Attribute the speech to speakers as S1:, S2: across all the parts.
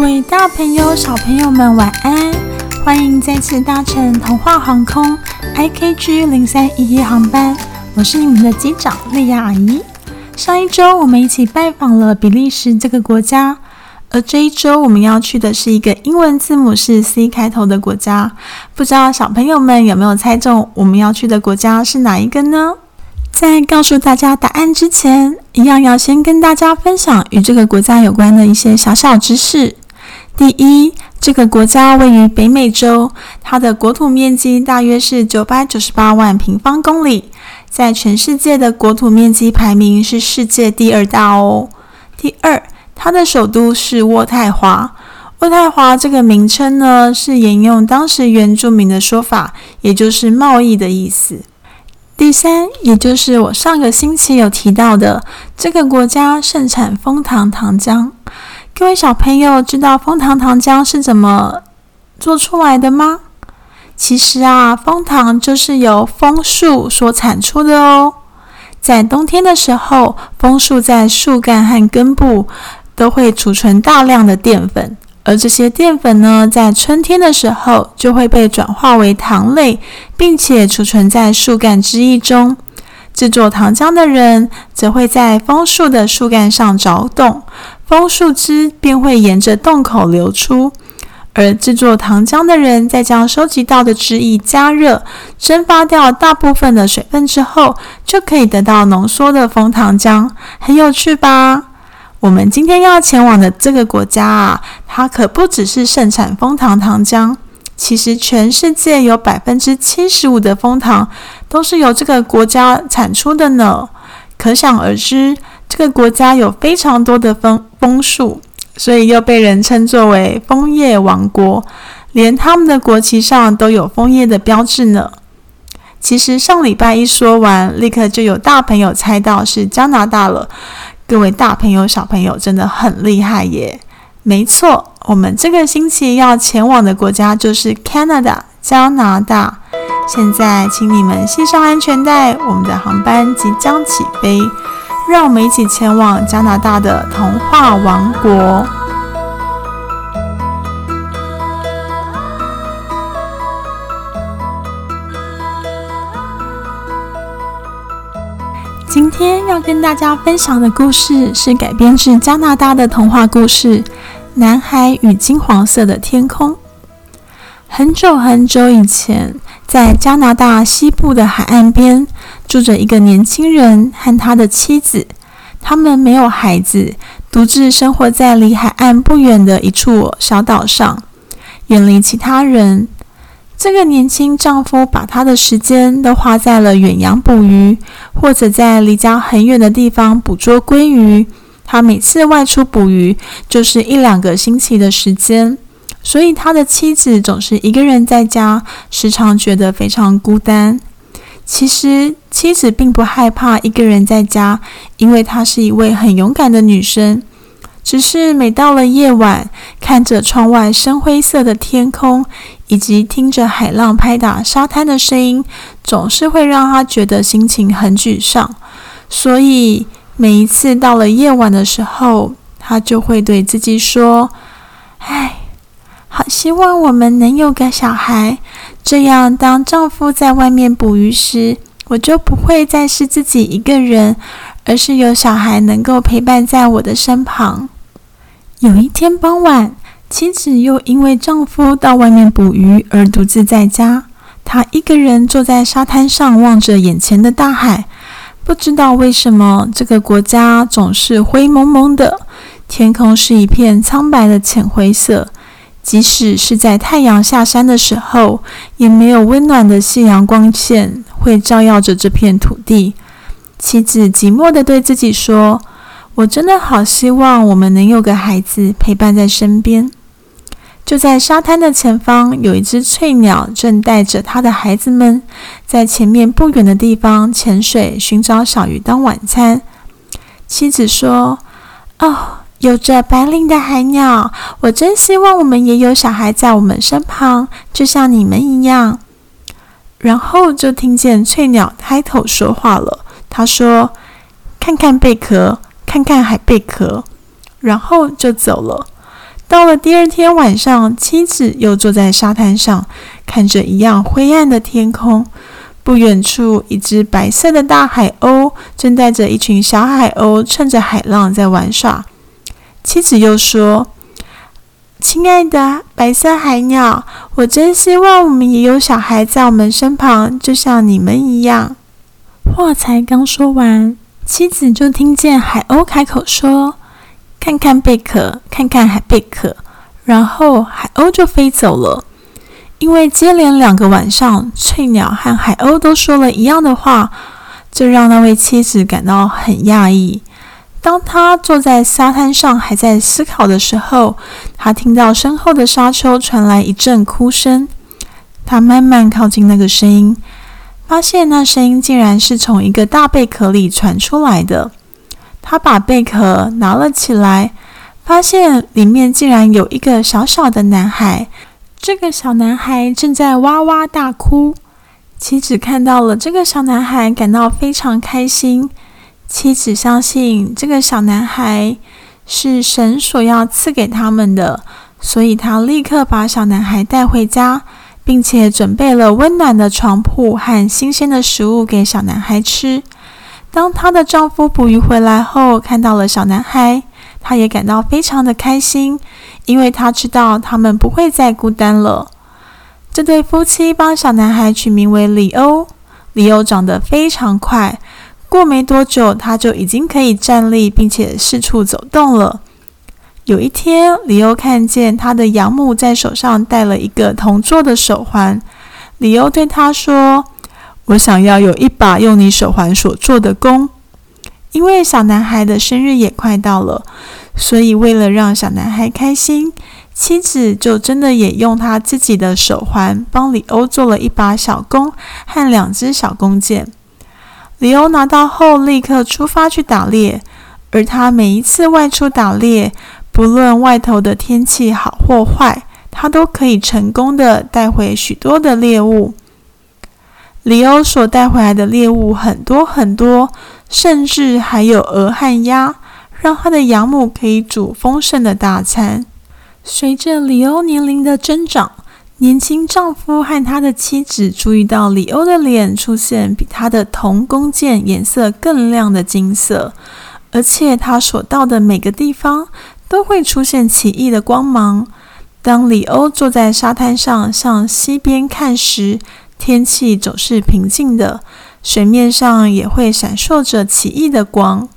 S1: 各位大朋友、小朋友們，晚安！歡迎再次搭乘童話航空 I K G 零三一一航班。我是你們的機長、麗雅阿姨。上一周，我們一起拜訪了比利時這個國家，而這一周我們要去的是一個英文字母是 C 開頭的國家。不知道小朋友們有沒有猜中我們要去的國家是哪一個呢？在告訴大家答案之前，一樣要先跟大家分享與這個國家有關的一些小小知識。第一，這個國家位於北美洲，它的國土面積大約是九百九十八萬平方公里，在全世界的國土面積排名是世界第二大哦。第二，它的首都是渥太華，渥太華這個名稱呢，是沿用當時原住民的說法，也就是貿易的意思。第三，也就是我上個星期有提到的，這個國家盛產楓糖糖漿。各位小朋友，知道楓糖糖漿是怎麼做出來的嗎？其實啊，楓糖就是由楓樹所產出的哦。在冬天的時候，楓樹在樹幹和根部都會儲存大量的澱粉，而這些澱粉呢，在春天的時候就會被轉化為糖類，並且儲存在樹幹汁液中。製作糖漿的人則會在楓樹的樹幹上鑿洞，楓樹汁便會沿着洞口流出。而制作糖漿的人在將收集到的汁液加熱，蒸發掉大部分的水分之後，就可以得到濃縮的楓糖漿。很有趣吧？我們今天要前往的這個國家啊，它可不只是盛產楓糖糖漿。其實，全世界有百分之七十五的楓糖都是由這個國家產出的呢。可想而知，這個國家有非常多的楓楓樹，所以又被人稱作為楓葉王國。連他們的國旗上都有楓葉的標誌呢。其實上禮拜一說完，立刻就有大朋友猜到是加拿大了。各位大朋友、小朋友真的很厲害耶！沒錯，我們這個星期要前往的國家就是 Canada 加拿大。現在請你們系上安全帶，我們的航班即將起飛。讓我們一起前往加拿大的童話王國。今天要跟大家分享的故事是改編自加拿大的童話故事。南海與金黃色的天空。很久很久以前，在加拿大西部的海岸邊，住着一個年輕人和他的妻子。他們沒有孩子，獨自生活在離海岸不遠的一處小島上，遠離其他人。這個年輕丈夫把他的時間都花在了遠洋捕魚，或者在離家很遠的地方捕捉鮭魚。他每次外出捕魚就是一兩個星期的時間，所以他的妻子總是一個人在家，時常覺得非常孤單。其實妻子並不害怕一個人在家，因為她是一位很勇敢的女生。只是每到了夜晚，看着窗外深灰色的天空，以及聽着海浪拍打沙灘的聲音，總是會讓她覺得心情很沮喪。所以，每一次到了夜晚的時候，她就會對自己說：“哎，好希望我們能有個小孩，這樣當丈夫在外面捕魚時，我就不會再是自己一個人，而是有小孩能夠陪伴在我的身旁。”有一天傍晚，妻子又因為丈夫到外面捕魚而獨自在家，她一個人坐在沙灘上，望着眼前的大海。不知道為什麼，這個國家總是灰濛濛的，天空是一片蒼白的淺灰色。即使是在太陽下山的時候，也沒有溫暖的夕陽光線會照耀着這片土地。妻子寂寞地對自己說：“我真的好希望我們能有個孩子陪伴在身邊。”就在沙灘的前方，有一隻翠鳥正帶着它的孩子們，在前面不遠的地方潛水尋找小魚當晚餐。妻子說：“哦，有着白翎的海鳥，我真希望我們也有小孩在我們身旁，就像你們一樣。”然後就聽見翠鳥開口說話了。他說：“看看貝殼，看看海貝殼。”然後就走了。到了第二天晚上，妻子又坐在沙灘上，看着一樣灰暗的天空。不遠處，一只白色的大海鷗正帶着一群小海鷗，趁着海浪在玩耍。妻子又說：“親愛的白色海鳥，我真希望我們也有小孩在我們身旁，就像你們一樣。”話才剛說完，妻子就聽見海鷗開口說。看看貝殼，看看海貝殼。然後海鷗就飛走了。因為接連兩個晚上，翠鳥和海鷗都說了一樣的話，這讓那位妻子感到很訝異。當他坐在沙灘上還在思考的時候，他聽到身後的沙丘傳來一陣哭聲。他慢慢靠近那個聲音，發現那聲音竟然是從一個大貝殼裡傳出來的。他把貝殼拿了起來，發現裡面竟然有一個小小的男孩。這個小男孩正在哇哇大哭。妻子看到了這個小男孩，感到非常開心。妻子相信這個小男孩是神所要賜給他們的，所以他立刻把小男孩帶回家，並且準備了溫暖的床鋪和新鮮的食物給小男孩吃。當她的丈夫捕魚回來後，看到了小男孩，他也感到非常的開心，因為他知道他們不會再孤單了。這對夫妻幫小男孩取名為里歐，里歐長得非常快，過沒多久他就已經可以站立並且四處走動了。有一天，里歐看見他的養母在手上戴了一個銅做的手環，里歐對他說。我想要有一把用你手環所做的弓。因為小男孩的生日也快到了，所以為了讓小男孩開心，妻子就真的也用他自己的手環幫里歐做了一把小弓和兩隻小弓箭。里歐拿到後，立刻出發去打獵。而他每一次外出打獵，不論外頭的天氣好或壞，他都可以成功的帶回許多的獵物。李歐所帶回來的獵物很多很多，甚至還有鵝和鴨，讓他的養母可以煮豐盛的大餐。隨着李歐年齡的增長，年輕丈夫和他的妻子注意到李歐的臉出現比他的銅弓箭顏色更亮的金色，而且他所到的每個地方都會出現奇異的光芒。當李歐坐在沙灘上向西邊看時，天氣總是平靜的，水面上也會閃爍着奇異的光。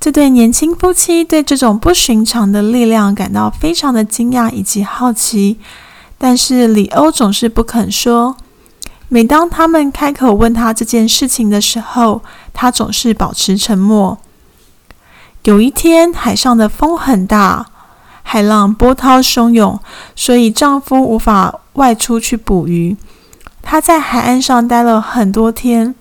S1: 這對年輕夫妻對這種不尋常的力量感到非常的驚訝以及好奇，但是李歐總是不肯說。每當他們開口問他這件事情的時候，他總是保持沉默。有一天，海上的風很大，海浪波濤洶湧，所以丈夫無法外出去捕魚。他在海岸上待了很多天，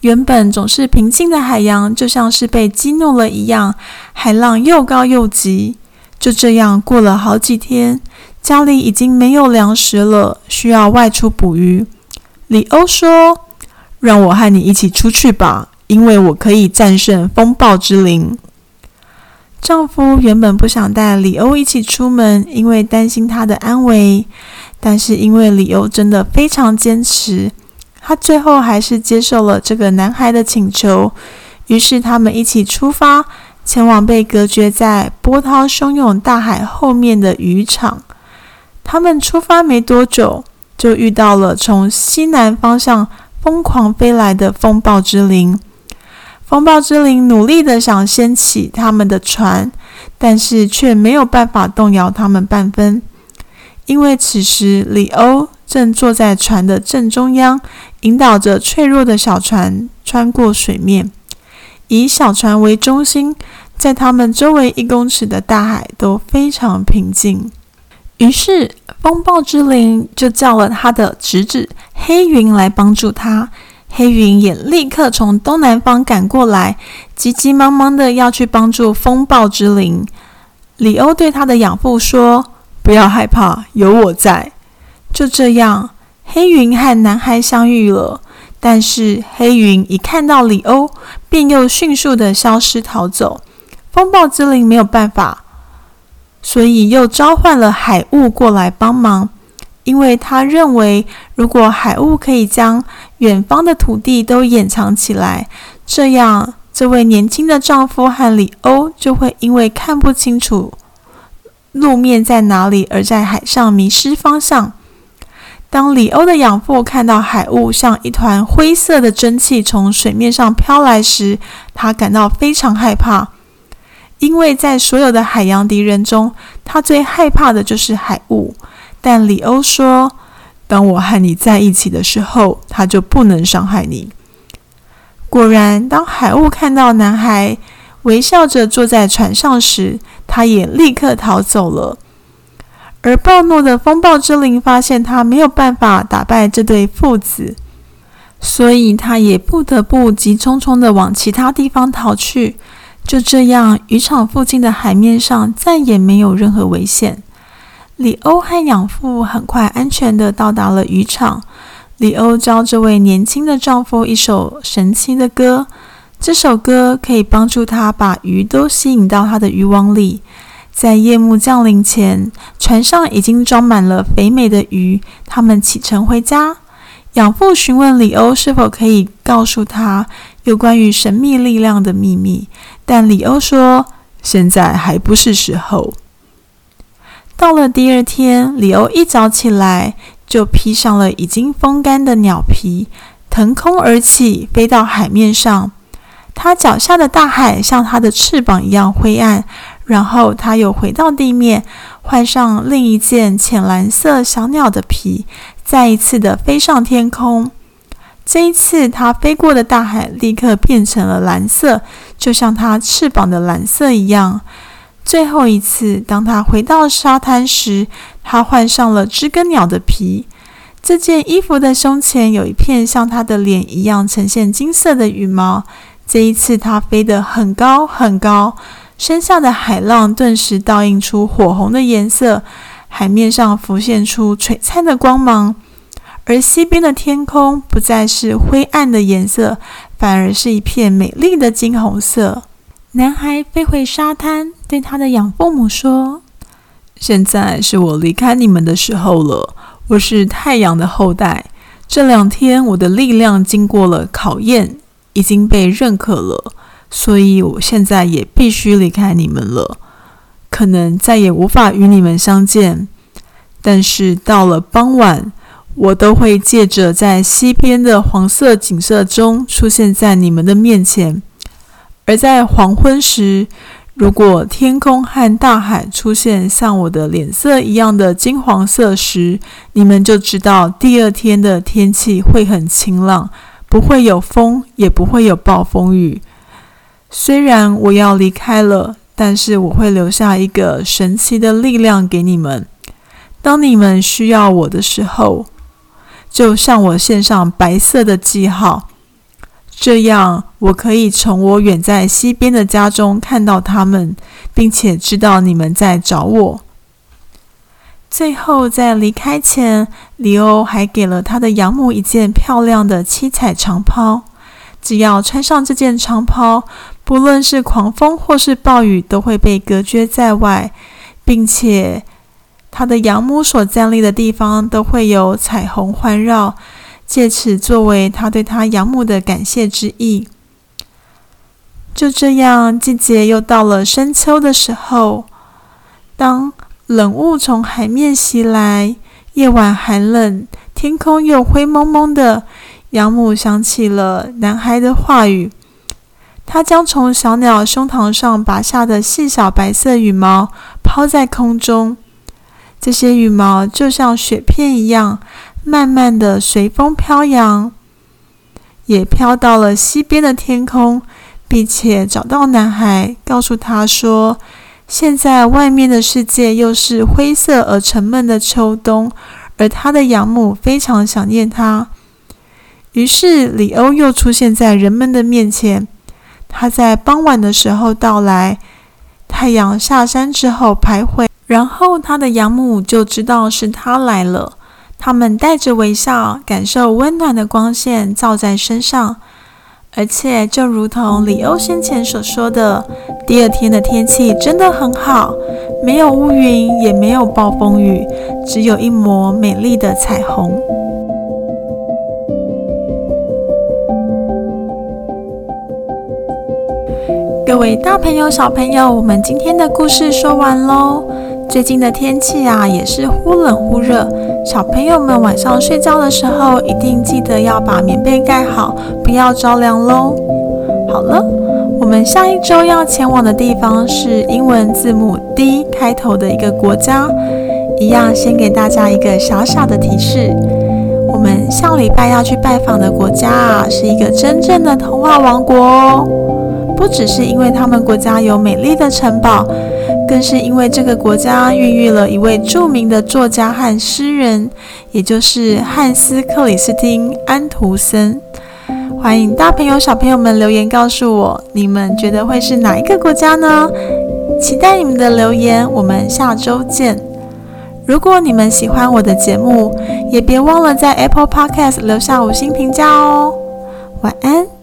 S1: 原本總是平靜的海洋就像是被激怒了一樣，海浪又高又急。就這樣過了好幾天，家裡已經沒有糧食了，需要外出捕魚。里歐說：“讓我和你一起出去吧，因為我可以戰勝風暴之靈。”丈夫原本不想帶里歐一起出門，因為擔心他的安危。但是因為理由真的非常堅持，他最後還是接受了這個男孩的請求。於是他們一起出發，前往被隔絕在波濤洶湧大海後面的漁場。他們出發沒多久，就遇到了從西南方向瘋狂飛來的風暴之靈。風暴之靈努力地想掀起他們的船，但是卻沒有辦法動搖他們半分。因為此時李歐正坐在船的正中央，引導着脆弱的小船穿過水面。以小船為中心，在他們周圍一公尺的大海都非常平靜。於是風暴之靈就叫了他的侄子黑雲來幫助他。黑雲也立刻從東南方趕過來，急急忙忙地要去幫助風暴之靈。李歐對他的養父說。不要害怕，有我在。就這樣，黑雲和男孩相遇了。但是黑雲一看到李歐，便又迅速地消失逃走。風暴之靈沒有辦法，所以又召喚了海霧過來幫忙，因為他認為，如果海霧可以將遠方的土地都掩藏起來，這樣這位年輕的丈夫和李歐就會因為看不清楚。路面在哪裡？而在海上迷失方向。當里歐的養父看到海霧像一團灰色的蒸汽從水面上飄來時，他感到非常害怕，因為在所有的海洋敵人中，他最害怕的就是海霧。但里歐說：“當我和你在一起的時候，他就不能傷害你。”果然，當海霧看到男孩，微笑着坐在船上時，他也立刻逃走了。而暴怒的風暴之靈發現他沒有辦法打敗這對父子，所以他也不得不急匆匆地往其他地方逃去。就這樣，漁場附近的海面上再也沒有任何危險。李歐和養父很快安全地到達了漁場。李歐教這位年輕的丈夫一首神奇的歌。這首歌可以幫助他把魚都吸引到他的漁網裡。在夜幕降臨前，船上已經裝滿了肥美的魚。他們啟程回家。養父詢問里歐是否可以告訴他有關於神秘力量的秘密，但里歐說現在還不是時候。到了第二天，里歐一早起來就披上了已經風乾的鳥皮，騰空而起，飛到海面上。他腳下的大海像他的翅膀一樣灰暗，然後他又回到地面，換上另一件淺藍色小鳥的皮，再一次地飛上天空。這一次，他飛過的大海立刻變成了藍色，就像他翅膀的藍色一樣。最後一次，當他回到沙灘時，他換上了知更鳥的皮。這件衣服的胸前有一片像他的臉一樣呈現金色的羽毛。這一次，他飛得很高很高，身下的海浪頓時倒映出火紅的顏色，海面上浮現出璀璨的光芒，而西邊的天空不再是灰暗的顏色，反而是一片美麗的金紅色。男孩飛回沙灘，對他的養父母說：“現在是我離開你們的時候了。我是太陽的後代，這兩天我的力量經過了考驗。”已經被認可了，所以我現在也必須離開你們了，可能再也無法與你們相見。但是到了傍晚，我都會借着在西邊的黃色景色中出現在你們的面前。而在黃昏時，如果天空和大海出現像我的臉色一樣的金黃色時，你們就知道第二天的天氣會很晴朗。不會有風，也不會有暴風雨。雖然我要離開了，但是我會留下一個神奇的力量給你們。當你們需要我的時候，就向我獻上白色的記號，這樣我可以從我遠在西邊的家中看到他們，並且知道你們在找我。最後，在離開前，里歐還給了他的養母一件漂亮的七彩長袍。只要穿上這件長袍，不論是狂風或是暴雨，都會被隔絕在外，並且他的養母所站立的地方都會有彩虹環繞，借此作為他對他養母的感謝之意。就這樣，季節又到了深秋的時候，當冷霧從海面襲來，夜晚寒冷，天空又灰濛濛的。養母想起了男孩的話語，她將從小鳥胸膛上拔下的細小白色羽毛拋在空中，這些羽毛就像雪片一樣，慢慢地隨風飄揚，也飄到了西邊的天空，並且找到男孩，告訴他說。現在外面的世界又是灰色而沉悶的秋冬，而他的養母非常想念他。於是里歐又出現在人們的面前。他在傍晚的時候到來，太陽下山之後徘徊，然後他的養母就知道是他來了。他們帶着微笑，感受溫暖的光線照在身上。而且，就如同李歐先前所說的，第二天的天氣真的很好，沒有烏雲，也沒有暴風雨，只有一抹美麗的彩虹。各位大朋友、小朋友，我們今天的故事說完嘍。最近的天氣啊，也是忽冷忽熱。小朋友們晚上睡覺的時候，一定記得要把棉被蓋好，不要着涼嘍。好了，我們下一周要前往的地方是英文字母 D 開頭的一個國家。一樣，先給大家一個小小的提示：我們下禮拜要去拜訪的國家啊，是一個真正的童話王國哦。不只是因為他們國家有美麗的城堡。更是因為這個國家孕育了一位著名的作家和詩人，也就是漢斯·克里斯汀·安徒生。歡迎大朋友、小朋友們留言告訴我，你們覺得會是哪一個國家呢？期待你們的留言，我們下週見。如果你們喜歡我的節目，也別忘了在 Apple Podcast 留下五星評價哦。晚安。